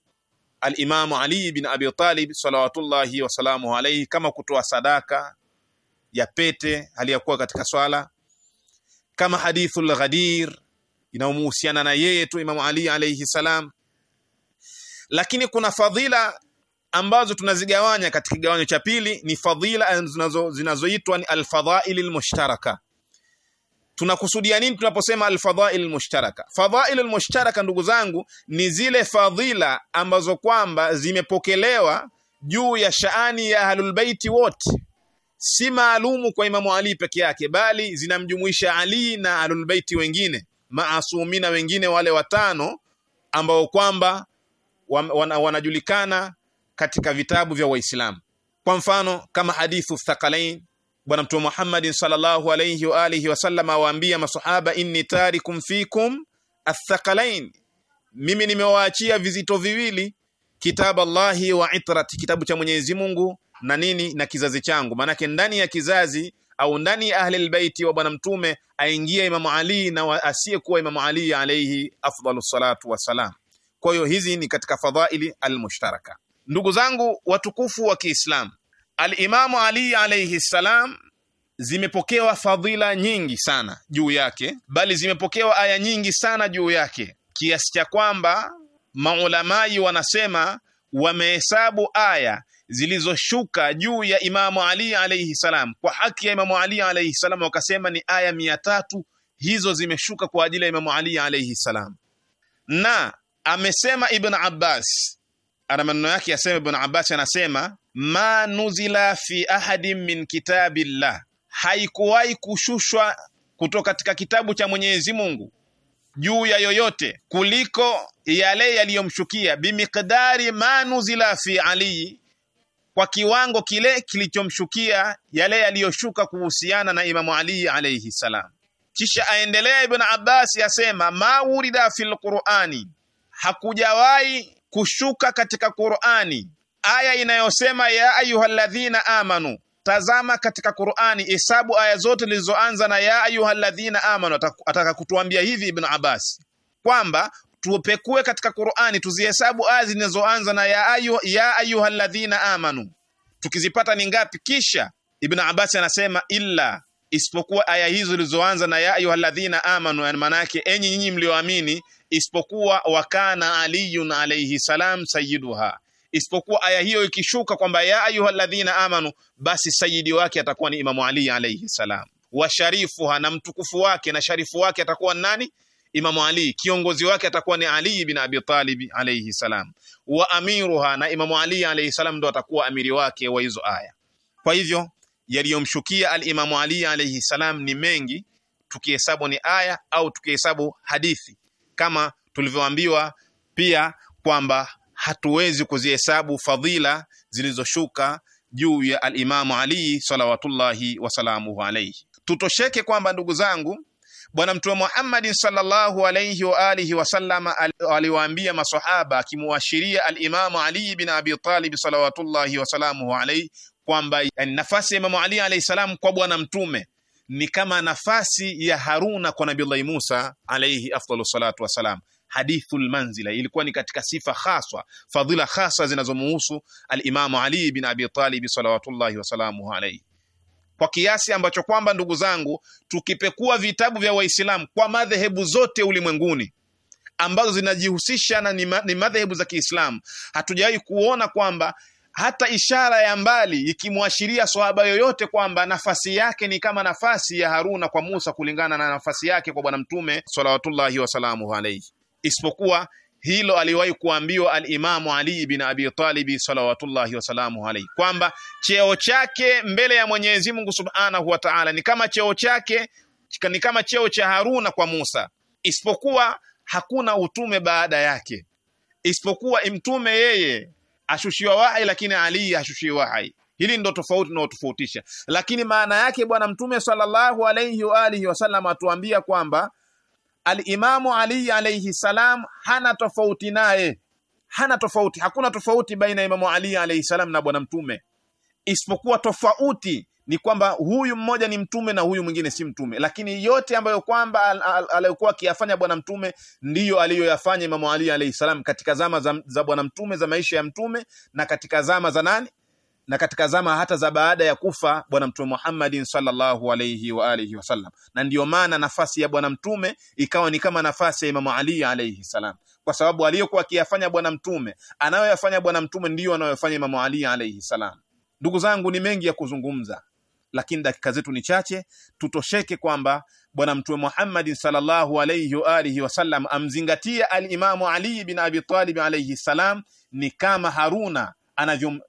Alimamu Ali bin Abi Talib salawatullahi wasalamu alaihi, kama kutoa sadaka ya pete hali ya kuwa katika swala, kama hadithul ghadir inayomuhusiana na yeye tu Imamu Ali alaihi salam. Lakini kuna fadhila ambazo tunazigawanya katika kigawanyo cha pili ni fadhila zinazoitwa ni alfadhail lmushtaraka tunakusudia nini tunaposema alfadhail lmushtaraka fadhail lmushtaraka ndugu zangu ni zile fadhila ambazo kwamba zimepokelewa juu ya shaani ya ahlulbeiti wote si maalumu kwa Imamu Ali peke yake, bali zinamjumuisha Ali na ahlulbeiti wengine maasumina wengine wale watano ambao kwamba wanajulikana katika vitabu vya Waislamu. Kwa mfano kama hadithu thaqalain, Bwana Mtume Muhammad sallallahu alayhi wa alihi wasallam awaambia masahaba, inni tarikum fikum athaqalain, mimi nimewaachia vizito viwili, kitabu Allahi wa itrati, kitabu cha Mwenyezi Mungu na nini na kizazi changu. Maanake ndani ya kizazi au ndani ya ahli albaiti wa bwana mtume aingia Imamu Ali na asiyekuwa Imamu Ali alayhi afdalu salatu wassalam. Kwa hiyo hizi ni katika fadhaili almushtaraka. Ndugu zangu watukufu wa Kiislamu, Alimamu Ali alayhi salam, zimepokewa fadhila nyingi sana juu yake, bali zimepokewa aya nyingi sana juu yake, kiasi cha kwamba maulamai wanasema wamehesabu aya zilizoshuka juu ya Imamu Ali alayhi salam kwa haki ya Imamu Ali alayhi salam, wakasema ni aya mia tatu hizo zimeshuka kwa ajili ya Imamu Ali alayhi salam. Na amesema Ibn Abbas ana maneno yake yasema, Ibn Abbas anasema ma nuzila fi ahadin min kitabillah, haikuwahi kushushwa kutoka katika kitabu cha Mwenyezi Mungu juu ya yoyote kuliko yale yaliyomshukia, bimiqdari ma nuzila fi Ali, kwa kiwango kile kilichomshukia yale yaliyoshuka kuhusiana na Imamu Ali alayhi salam. Kisha aendelea Ibn Abbas yasema ma wurida fil Qur'ani, hakujawahi kushuka katika Qur'ani aya inayosema ya ayyuhalladhina amanu. Tazama katika Qur'ani, hesabu aya zote zilizoanza na ya ayyuhalladhina amanu. Ataka kutuambia hivi Ibn Abbas kwamba tupekue katika Qur'ani tuzihesabu aya zinazoanza na ya ayu ya ayyuhalladhina amanu, tukizipata ni ngapi? Kisha Ibn Abbas anasema illa isipokuwa aya hizo zilizoanza na ya ayuhalladhina amanu, manake enyi nyinyi mlioamini, isipokuwa wakana aliyun alayhi salam sayyiduha, isipokuwa aya hiyo ikishuka kwamba ya ayuhalladhina amanu, basi sayidi wake atakuwa ni Imamu Ali alayhi salam, wa sharifuha, na mtukufu wake na sharifu wake atakuwa nani? Imamu Ali. Kiongozi wake atakuwa ni Ali bin Abi Talib alayhi salam, wa amiruha, na Imamu Ali alayhi salam ndo atakuwa amiri wake wa hizo aya. Kwa hivyo yaliyomshukia alimamu Ali alayhi salam ni mengi, tukihesabu ni aya au tukihesabu hadithi, kama tulivyoambiwa pia kwamba hatuwezi kuzihesabu fadhila zilizoshuka juu ya alimamu Ali salawatullahi wasalamuhu alayhi. Tutosheke kwamba ndugu zangu, Bwana Mtume Muhammad sallallahu alayhi wa alihi wasallama aliwaambia masahaba akimuashiria alimamu Ali bin Abi Talib salawatullahi wasalamuhu alayhi kwamba yani, nafasi ya Imamu Ali alayhi salam kwa bwana mtume ni kama nafasi ya Haruna kwa Nabiullahi Musa alayhi afdalu salatu wassalam. Hadithul manzila ilikuwa ni katika sifa haswa, fadhila hasa zinazomuhusu alimamu Ali bin Abi Talib salawatullahi wasalamuhu alayhi, kwa kiasi ambacho kwamba ndugu zangu, tukipekua vitabu vya Waislamu kwa madhehebu zote ulimwenguni ambazo zinajihusisha na ni madhehebu za Kiislamu, hatujawahi kuona kwamba hata ishara ya mbali ikimwashiria swahaba yoyote kwamba nafasi yake ni kama nafasi ya Haruna kwa Musa, kulingana na nafasi yake kwa Bwana Mtume salawatullahi wasalamuhu alaihi, isipokuwa hilo aliwahi kuambiwa Alimamu Ali bin Abi Talib salawatullahi wasalamuhu alaihi kwamba cheo chake mbele ya Mwenyezi Mungu subhanahu wa taala ni kama cheo chake ni kama cheo cha Haruna kwa Musa, isipokuwa hakuna utume baada yake, isipokuwa imtume yeye ashushiwa wahai, lakini Ali ashushiwa wahai. Hili ndo tofauti tunayotofautisha, lakini maana yake Bwana Mtume sallallahu alayhi wa alihi wasallam atuambia kwamba Alimamu Ali alayhi salam hana tofauti naye, hana tofauti, hakuna tofauti baina ya Imamu Ali alayhi salam na Bwana Mtume, isipokuwa tofauti ni kwamba huyu mmoja ni mtume na huyu mwingine si mtume, lakini yote ambayo kwamba aliyokuwa akiyafanya bwana mtume ndiyo aliyoyafanya Imamu Ali alayhi salam katika zama za, za bwana mtume za maisha ya mtume na katika zama za nani na katika zama hata za baada ya kufa bwana mtume Muhammadin sallallahu alayhi wa alihi wasallam. Na ndiyo maana nafasi ya bwana mtume ikawa ni kama nafasi ya Imamu Ali alayhi salam, kwa sababu aliyokuwa akiyafanya bwana mtume, anayoyafanya bwana mtume ndiyo anayoyafanya Imamu Ali alayhi salam. Ndugu zangu, ni mengi ya kuzungumza lakini dakika zetu ni chache, tutosheke kwamba Bwana Mtume Muhammad sallallahu alayhi wa alihi wasallam amzingatia al-Imamu Ali bin Abi Talib alayhi salam ni kama Haruna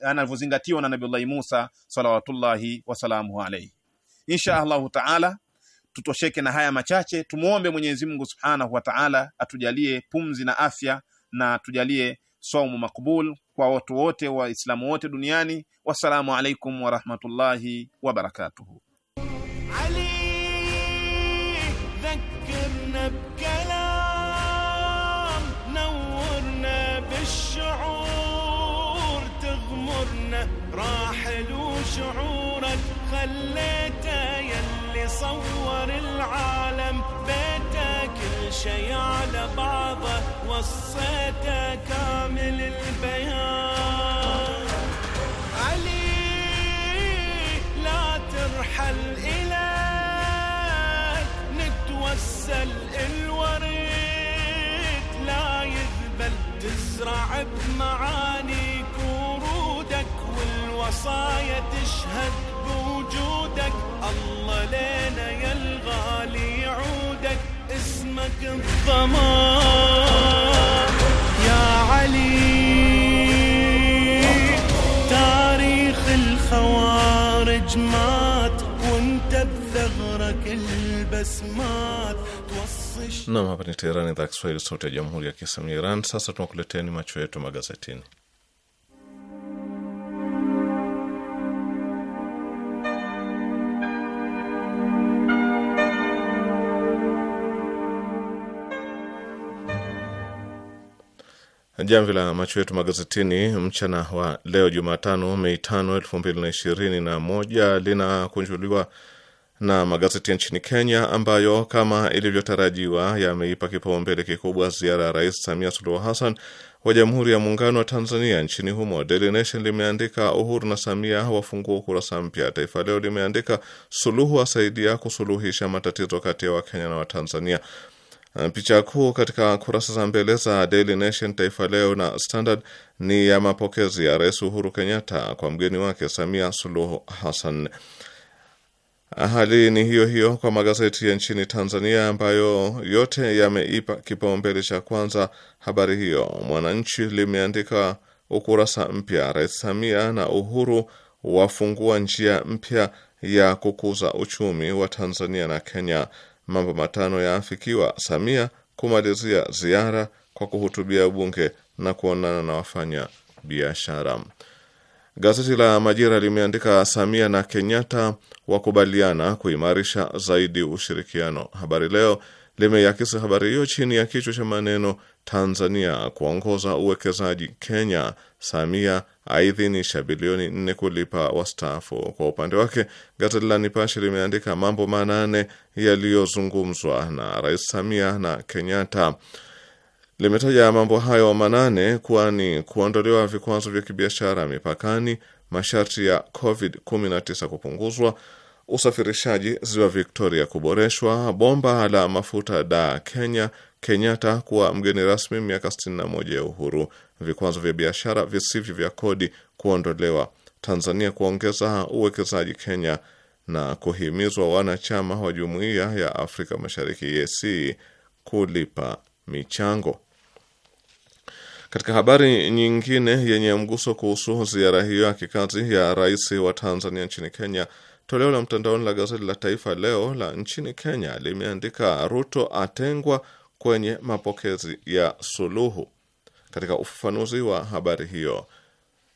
anavyozingatiwa na Nabiullahi Musa salawatullahi wasalamuhu alayhi. Insha Allahu taala tutosheke na haya machache, tumuombe Mwenyezi Mungu subhanahu wa taala atujalie pumzi na afya na tujalie somo makbul kwa watu wote waislamu wote duniani wassalamu alaikum warahmatullahi wabarakatuhu راح له شعورك خليته يلي صور العالم بيه شي على بعضه وصيته كامل البيان علي لا ترحل إليك نتوسل الوريد لا يذبل تزرع بمعانيك ورودك والوصايا تشهد بوجودك الله لينا يا الغالي يهمك الضمان يا علي تاريخ الخوارج مات وانت بثغرك البسمات توصي نعم هبا نتيراني ذاك صوت الجمهورية كيسم إيران ساسا تنقل ما شوية تماغازتيني Jamvi la macho yetu magazetini mchana wa leo Jumatano, Mei tano elfu mbili na ishirini na moja linakunjuliwa na magazeti ya nchini Kenya ambayo kama ilivyotarajiwa yameipa kipaumbele kikubwa ziara ya Rais Samia Suluhu Hassan wa Jamhuri ya Muungano wa Tanzania nchini humo. Daily Nation limeandika Uhuru na Samia wafungua ukurasa mpya. Taifa Leo limeandika Suluhu asaidia kusuluhisha matatizo kati ya Wakenya na Watanzania. Uh, picha kuu katika kurasa za mbele za Daily Nation, Taifa Leo na Standard ni ya mapokezi ya Rais Uhuru Kenyatta kwa mgeni wake Samia Suluhu Hassan. Hali ni hiyo hiyo kwa magazeti ya nchini Tanzania ambayo yote yameipa kipaumbele cha kwanza habari hiyo. Mwananchi limeandika ukurasa mpya, Rais Samia na Uhuru wafungua njia mpya ya kukuza uchumi wa Tanzania na Kenya mambo matano yaafikiwa Samia kumalizia ziara kwa kuhutubia bunge na kuonana na wafanya biashara. Gazeti la Majira limeandika Samia na Kenyatta wakubaliana kuimarisha zaidi ushirikiano. Habari Leo limeyakisa habari hiyo chini ya kichwa cha maneno Tanzania kuongoza uwekezaji Kenya Samia aidhinisha bilioni nne kulipa wastaafu. Kwa upande wake gazeti la Nipashe limeandika mambo manane yaliyozungumzwa na Rais Samia na Kenyatta. Limetaja mambo hayo manane kuwa ni kuondolewa vikwazo vya kibiashara mipakani, masharti ya COVID-19 kupunguzwa, usafirishaji ziwa Victoria kuboreshwa, bomba la mafuta da Kenya, Kenyatta kuwa mgeni rasmi miaka 61 ya uhuru vikwazo vya biashara visivyo vya kodi kuondolewa, Tanzania kuongeza uwekezaji Kenya na kuhimizwa wanachama wa Jumuiya ya Afrika Mashariki EAC kulipa michango. Katika habari nyingine yenye mguso kuhusu ziara hiyo ya kikazi ya rais wa Tanzania nchini Kenya, toleo la mtandaoni la gazeti la Taifa Leo la nchini Kenya limeandika Ruto atengwa kwenye mapokezi ya Suluhu katika ufafanuzi wa habari hiyo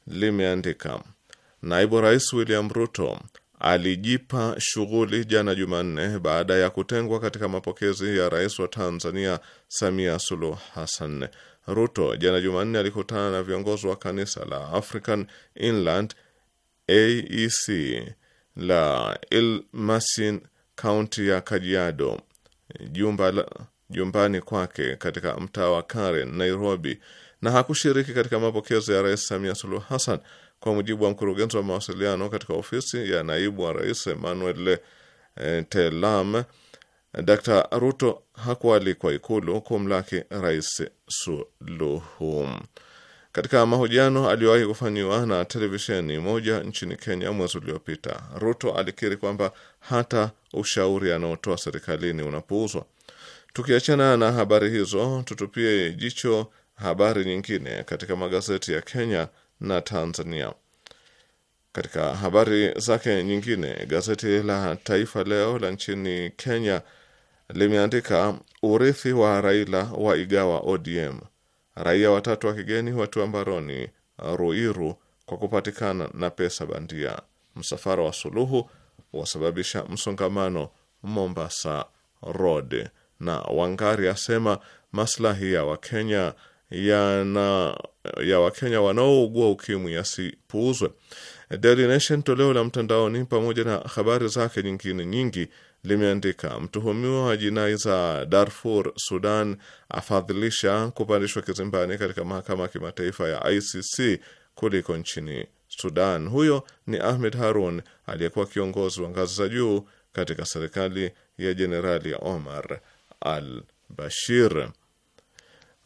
limeandika, naibu rais William Ruto alijipa shughuli jana Jumanne baada ya kutengwa katika mapokezi ya rais wa Tanzania Samia Suluhu Hassan. Ruto jana Jumanne alikutana na viongozi wa kanisa la African Inland AEC la Ilmasin, kaunti ya Kajiado, jumba la, jumbani kwake katika mtaa wa Karen, Nairobi na hakushiriki katika mapokezi ya Rais Samia Suluhu Hassan, kwa mujibu wa mkurugenzi wa mawasiliano katika ofisi ya naibu wa rais Emmanuel eh, Telam. Dr. Ruto hakualikwa Ikulu kumlaki Rais Suluhu. Katika mahojiano aliyowahi kufanyiwa na televisheni moja nchini Kenya mwezi uliopita, Ruto alikiri kwamba hata ushauri anaotoa serikalini unapuuzwa. Tukiachana na habari hizo, tutupie jicho habari nyingine katika magazeti ya Kenya na Tanzania. Katika habari zake nyingine, gazeti la Taifa Leo la nchini Kenya limeandika urithi wa Raila wa igawa ODM, raia watatu wa kigeni watiwa mbaroni Ruiru kwa kupatikana na pesa bandia, msafara wa Suluhu wasababisha msongamano Mombasa Road, na Wangari asema maslahi ya Wakenya ya, na, ya Wakenya wanaougua ukimwi yasipuuzwe. Daily Nation toleo la mtandaoni pamoja na habari zake nyingine nyingi limeandika mtuhumiwa wa jinai za Darfur, Sudan afadhilisha kupandishwa kizimbani katika mahakama ya kimataifa ya ICC kuliko nchini Sudan. Huyo ni Ahmed Harun aliyekuwa kiongozi wa ngazi za juu katika serikali ya Jenerali Omar al Bashir.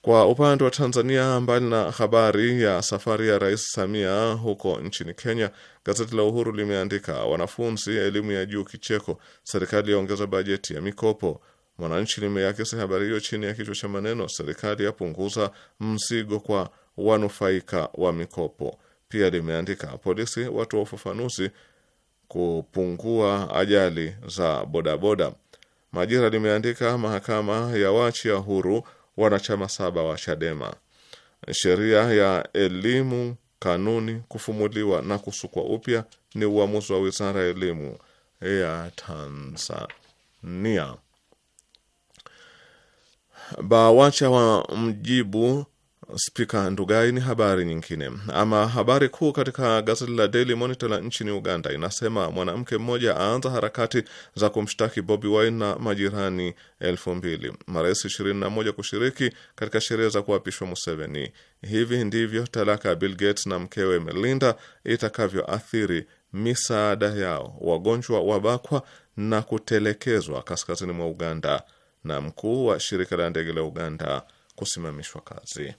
Kwa upande wa Tanzania, mbali na habari ya safari ya Rais Samia huko nchini Kenya, gazeti la Uhuru limeandika wanafunzi elimu ya juu kicheko, serikali yaongeza bajeti ya mikopo. Mwananchi limeakisi habari hiyo chini ya kichwa cha maneno, serikali yapunguza mzigo kwa wanufaika wa mikopo. Pia limeandika polisi watu wa ufafanuzi kupungua ajali za bodaboda. Majira limeandika mahakama ya wachia huru wanachama saba wa Chadema. Sheria ya elimu, kanuni, kufumuliwa na kusukwa upya ni uamuzi wa wizara ya elimu ya Tanzania. Bawacha wa mjibu spika Ndugai ni habari nyingine. Ama habari kuu katika gazeti la Daily Monitor la nchini Uganda inasema mwanamke mmoja aanza harakati za kumshtaki Bobi Wine na majirani elfu mbili. Marais 21 kushiriki katika sherehe za kuapishwa Museveni. Hivi ndivyo talaka ya Bill Gates na mkewe Melinda itakavyoathiri misaada yao. Wagonjwa wabakwa na kutelekezwa kaskazini mwa Uganda, na mkuu wa shirika la ndege la Uganda kusimamishwa kazi.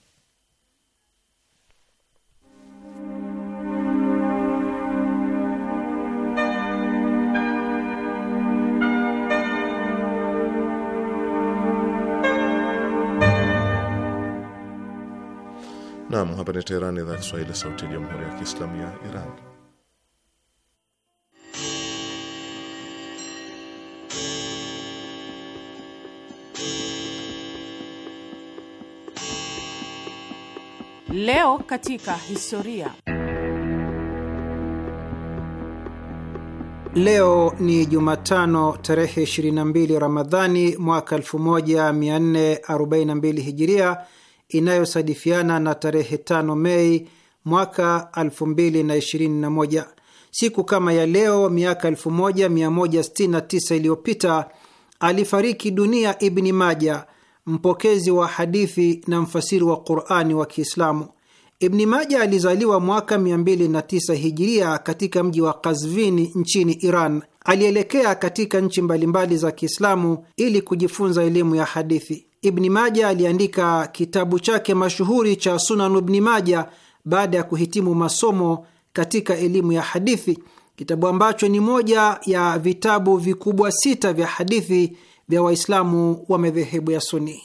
Naam, hapa ni Teherani, idhaa Kiswahili, sauti ya jamhuri ya kiislamu ya Iran. Leo katika historia. Leo ni Jumatano tarehe 22 Ramadhani mwaka 1442 Hijiria inayosadifiana na tarehe 5 Mei mwaka 2021. Siku kama ya leo miaka 1169 iliyopita alifariki dunia Ibni Maja, mpokezi wa hadithi na mfasiri wa Qurani wa Kiislamu. Ibni Maja alizaliwa mwaka 209 hijiria katika mji wa Kazvini nchini Iran. Alielekea katika nchi mbalimbali za Kiislamu ili kujifunza elimu ya hadithi. Ibni Maja aliandika kitabu chake mashuhuri cha Sunanu Ibni Maja baada ya kuhitimu masomo katika elimu ya hadithi, kitabu ambacho ni moja ya vitabu vikubwa sita vya hadithi vya Waislamu wa madhehebu ya Suni.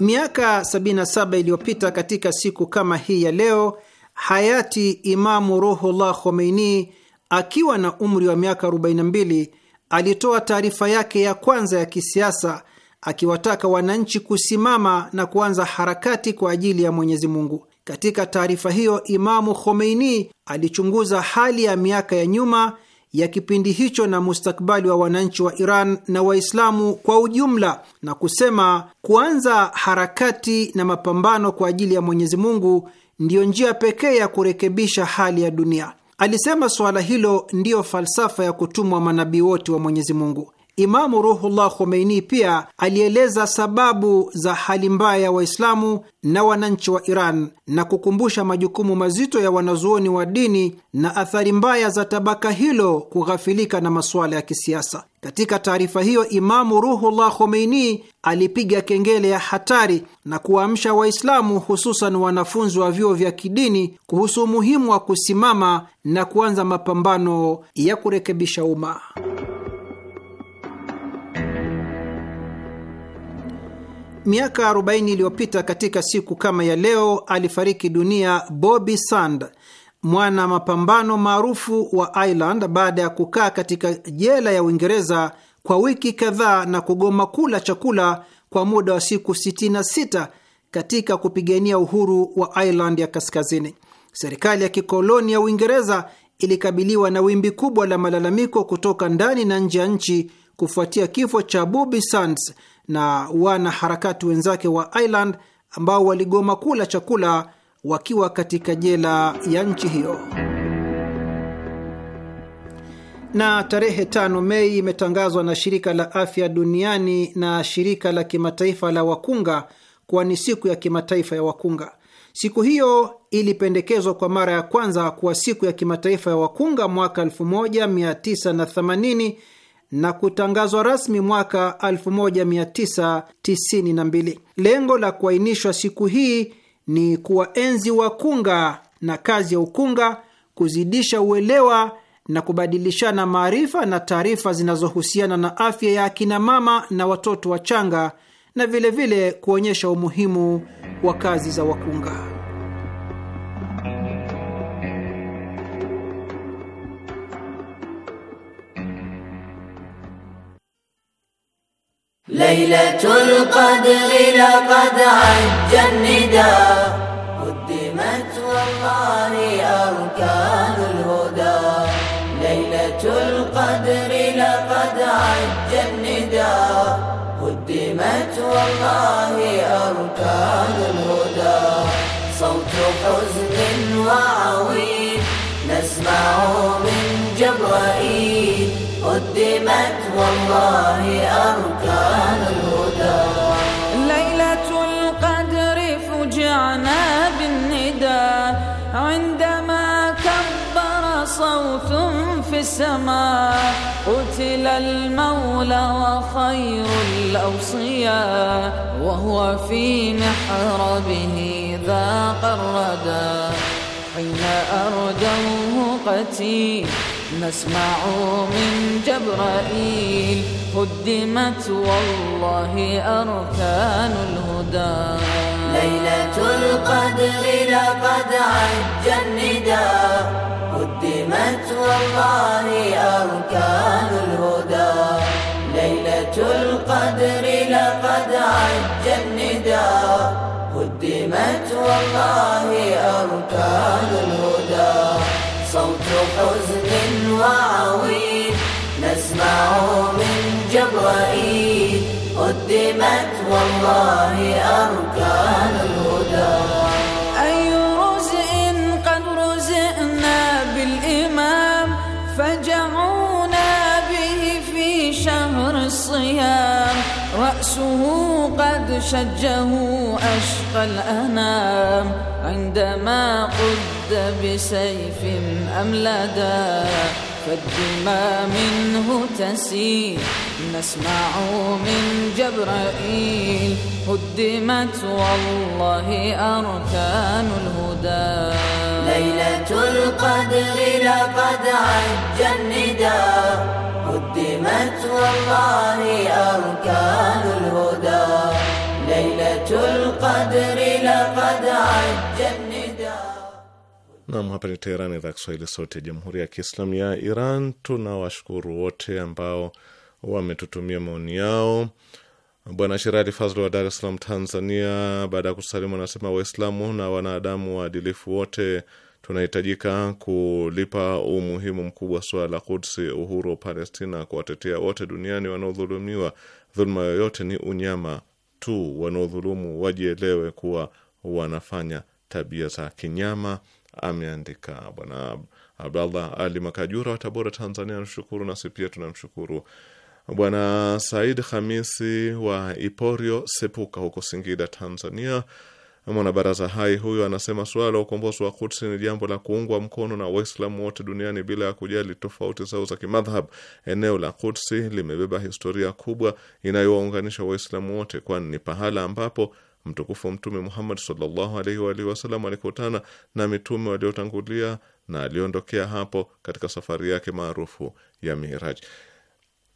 Miaka 77 iliyopita katika siku kama hii ya leo, hayati Imamu Ruhullah Khomeini akiwa na umri wa miaka 42 alitoa taarifa yake ya kwanza ya kisiasa akiwataka wananchi kusimama na kuanza harakati kwa ajili ya Mwenyezi Mungu. Katika taarifa hiyo, Imamu Khomeini alichunguza hali ya miaka ya nyuma ya kipindi hicho na mustakbali wa wananchi wa Iran na Waislamu kwa ujumla na kusema kuanza harakati na mapambano kwa ajili ya Mwenyezi Mungu ndiyo njia pekee ya kurekebisha hali ya dunia. Alisema suala hilo ndiyo falsafa ya kutumwa manabii wote wa Mwenyezi Mungu. Imamu Ruhullah Khomeini pia alieleza sababu za hali mbaya ya Waislamu na wananchi wa Iran na kukumbusha majukumu mazito ya wanazuoni wa dini na athari mbaya za tabaka hilo kughafilika na masuala ya kisiasa. Katika taarifa hiyo, Imamu Ruhullah Khomeini alipiga kengele ya hatari na kuwaamsha Waislamu, hususan wanafunzi wa vyuo vya kidini, kuhusu umuhimu wa kusimama na kuanza mapambano ya kurekebisha umma. miaka 40 iliyopita katika siku kama ya leo alifariki dunia Bobby Sand, mwana mapambano maarufu wa Ireland baada ya kukaa katika jela ya Uingereza kwa wiki kadhaa na kugoma kula chakula kwa muda wa siku 66 katika kupigania uhuru wa Ireland ya kaskazini. Serikali ya kikoloni ya Uingereza ilikabiliwa na wimbi kubwa la malalamiko kutoka ndani na nje ya nchi kufuatia kifo cha Bobby Sands na wanaharakati wenzake wa Ireland ambao waligoma kula chakula wakiwa katika jela ya nchi hiyo. Na tarehe tano Mei imetangazwa na shirika la afya duniani na shirika la kimataifa la wakunga kuwa ni siku ya kimataifa ya wakunga. Siku hiyo ilipendekezwa kwa mara ya kwanza kuwa siku ya kimataifa ya wakunga mwaka 1980 na kutangazwa rasmi mwaka 1992. Lengo la kuainishwa siku hii ni kuwaenzi wakunga na kazi ya ukunga, kuzidisha uelewa na kubadilishana maarifa na taarifa zinazohusiana na afya ya akina mama na watoto wachanga na vilevile vile kuonyesha umuhimu wa kazi za wakunga. ليلة القدر لقد عج النداء قدمت والله أركان الهدى ليلة القدر لقد عج النداء قدمت والله أركان الهدى صوت حزن وعويل نسمع من جبرائيل قدمت والله أركان الهدى ليلة القدر فجعنا بالندى عندما كبر صوت في السماء قتل المولى وخير الأوصياء وهو في محربه ذاق الردى حين أردوه قتيل نسمع من جبرائيل قدمت والله أركان الهدى ليلة القدر لقد عج النداء قدمت والله أركان الهدى ليلة القدر لقد عج النداء قدمت والله أركان الهدى اسمعوا من جبرائيل قدمت والله أركان الهدى أي رزء قد رزئنا بالإمام فجعونا به في شهر الصيام رأسه قد شجه أشقى الأنام عندما قد بسيف أم لدى فالدماء منه تسيل نسمع من جبرائيل هدمت والله أركان الهدى ليلة القدر لقد عج النداء هدمت والله أركان الهدى ليلة القدر لقد عج النداء Nam, hapa ni teheran idhaa Kiswahili sote jamhuri ya Kiislamu ya Iran. Tunawashukuru wote ambao wametutumia maoni yao. Bwana Shirali Fazl wa Dar es Salaam, Tanzania, baada ya kusalimu anasema Waislamu na wanadamu waadilifu wote tunahitajika kulipa umuhimu mkubwa suala la Kudsi, uhuru wa Palestina, kuwatetea wote duniani wanaodhulumiwa. Dhuluma yoyote ni unyama tu, wanaodhulumu wajielewe kuwa wanafanya tabia za kinyama ameandika. Bwana Abdallah Ali Makajura wa Tabora, Tanzania anashukuru nasi pia tunamshukuru. Bwana Said Hamisi wa Iporio Sepuka huko Singida, Tanzania, mwanabaraza hai huyo anasema suala la ukombozi wa kutsi ni jambo la kuungwa mkono na Waislamu wote duniani bila ya kujali tofauti zao za kimadhhab. Eneo la kutsi limebeba historia kubwa inayowaunganisha Waislamu wote, kwani ni pahala ambapo Mtukufu Mtume Muhammad sallallahu alaihi wa alihi wasallam alikutana na mitume waliotangulia na aliondokea hapo katika safari yake maarufu ya Miraj.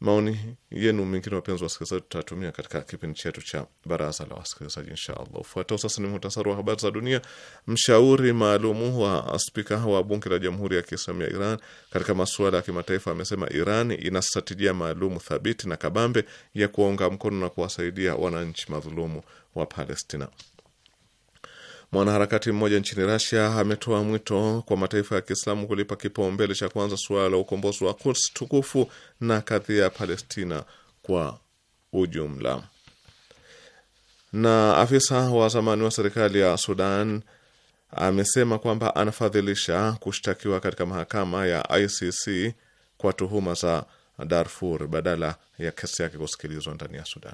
Maoni yenu mengine, wapenzi wasikilizaji, tutatumia katika kipindi chetu cha baraza la wasikilizaji insha allah. Ufuatao sasa ni muhtasari wa habari za dunia. Mshauri maalumu wa spika wa bunge la jamhuri ya Kiislamu ya Iran katika masuala ya kimataifa amesema Iran ina stratejia maalumu thabiti na kabambe ya kuwaunga mkono na kuwasaidia wananchi madhulumu wa Palestina. Mwanaharakati mmoja nchini Rasia ametoa mwito kwa mataifa ya Kiislamu kulipa kipaumbele cha kwanza suala la ukombozi wa Quds tukufu na kadhia ya Palestina kwa ujumla. Na afisa wa zamani wa serikali ya Sudan amesema kwamba anafadhilisha kushtakiwa katika mahakama ya ICC kwa tuhuma za Darfur badala ya kesi yake kusikilizwa ndani ya Sudan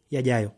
yajayo.